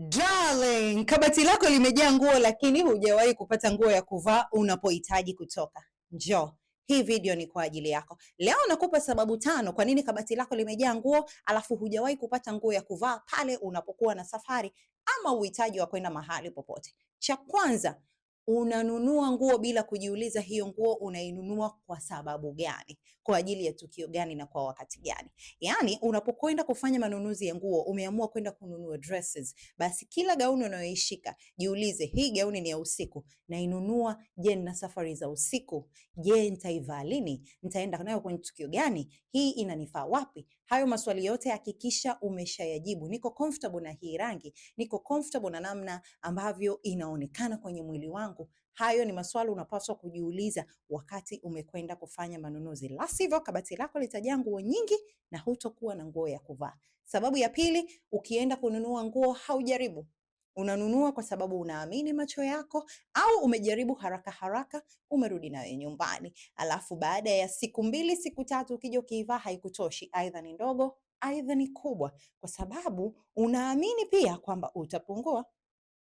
Darling, kabati lako limejaa nguo lakini hujawahi kupata nguo ya kuvaa unapohitaji kutoka. Njoo, hii video ni kwa ajili yako. Leo nakupa sababu tano kwa nini kabati lako limejaa nguo alafu hujawahi kupata nguo ya kuvaa pale unapokuwa na safari ama uhitaji wa kwenda mahali popote. Cha kwanza, unanunua nguo bila kujiuliza hiyo nguo unainunua kwa sababu gani, kwa ajili ya tukio gani na kwa wakati gani. Yaani, unapokwenda kufanya manunuzi ya nguo, umeamua kwenda kununua dresses, basi kila gauni unayoishika jiulize, hii gauni ni ya usiku, nainunua je, nina safari za usiku? Je, nitaivaa lini? Nitaenda nayo kwenye tukio gani? Hii inanifaa wapi? Hayo maswali yote hakikisha umeshayajibu. Niko comfortable na hii rangi, niko comfortable na namna ambavyo inaonekana kwenye mwili wangu wangu? Hayo ni maswali unapaswa kujiuliza wakati umekwenda kufanya manunuzi, la sivyo kabati lako litajaa nguo nyingi na hutokuwa na nguo ya kuvaa. Sababu ya pili, ukienda kununua nguo haujaribu unanunua kwa sababu unaamini macho yako, au umejaribu haraka haraka, umerudi nayo nyumbani, alafu baada ya siku mbili siku tatu ukija ukiivaa haikutoshi, aidha ni ndogo, aidha ni kubwa, kwa sababu unaamini pia kwamba utapungua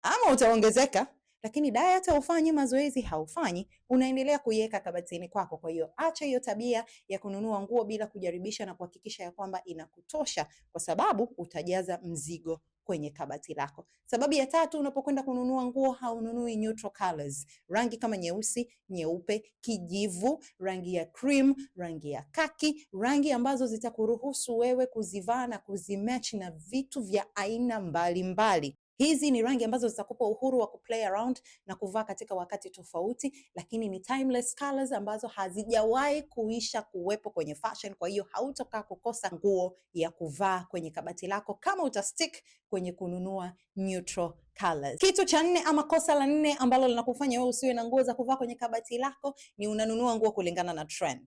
ama utaongezeka lakini dai hata ufanyi mazoezi haufanyi, unaendelea kuiweka kabatini kwako. Kwa hiyo acha hiyo tabia ya kununua nguo bila kujaribisha na kuhakikisha ya kwamba inakutosha, kwa sababu utajaza mzigo kwenye kabati lako. Sababu ya tatu, unapokwenda kununua nguo haununui neutral colors, rangi kama nyeusi, nyeupe, kijivu, rangi ya cream, rangi ya kaki, rangi ambazo zitakuruhusu wewe kuzivaa na kuzimatch na vitu vya aina mbalimbali mbali. Hizi ni rangi ambazo zitakupa uhuru wa kuplay around na kuvaa katika wakati tofauti, lakini ni timeless colors ambazo hazijawahi kuisha kuwepo kwenye fashion. Kwa hiyo hautokaa kukosa nguo ya kuvaa kwenye kabati lako kama utastick kwenye kununua neutral colors. Kitu cha nne ama kosa la nne ambalo linakufanya wewe usiwe na nguo za kuvaa kwenye kabati lako ni unanunua nguo kulingana na trend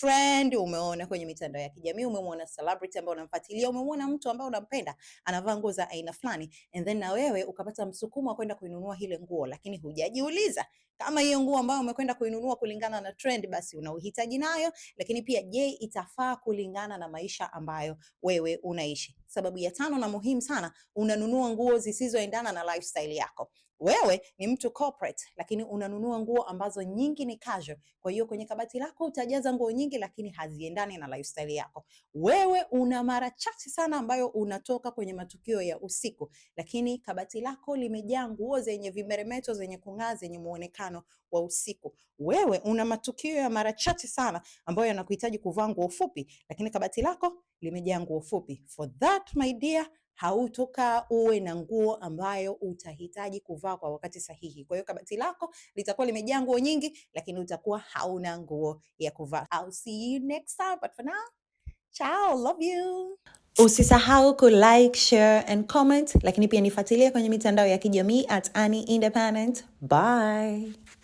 trend, umeona kwenye mitandao ya kijamii, umemwona celebrity ambaye unamfuatilia, umemwona mtu ambaye unampenda anavaa nguo za aina fulani, and then na wewe ukapata msukumo wa kwenda kuinunua ile nguo, lakini hujajiuliza kama hiyo nguo ambayo umekwenda kuinunua kulingana na trend, basi una uhitaji nayo, lakini pia je, itafaa kulingana na maisha ambayo wewe unaishi? Sababu ya tano na muhimu sana, unanunua nguo zisizoendana na lifestyle yako. Wewe ni mtu corporate, lakini unanunua nguo ambazo nyingi ni casual. Kwa hiyo kwenye kabati lako utajaza nguo nyingi, lakini haziendani na lifestyle yako. Wewe una mara chache sana ambayo unatoka kwenye matukio ya usiku, lakini kabati lako limejaa nguo zenye vimeremeto, zenye kung'aa, zenye muonekano wa usiku. Wewe una matukio ya mara chache sana ambayo yanakuhitaji kuvaa nguo fupi, lakini kabati lako limejaa nguo fupi. For that my dear hautokaa uwe na nguo ambayo utahitaji kuvaa kwa wakati sahihi. Kwa hiyo kabati lako litakuwa limejaa nguo nyingi, lakini utakuwa hauna nguo ya kuvaa. I'll see you next time, but for now ciao, love you. Usisahau ku like, share and comment, lakini pia nifuatilie kwenye mitandao ya kijamii at Annie Independent. Bye.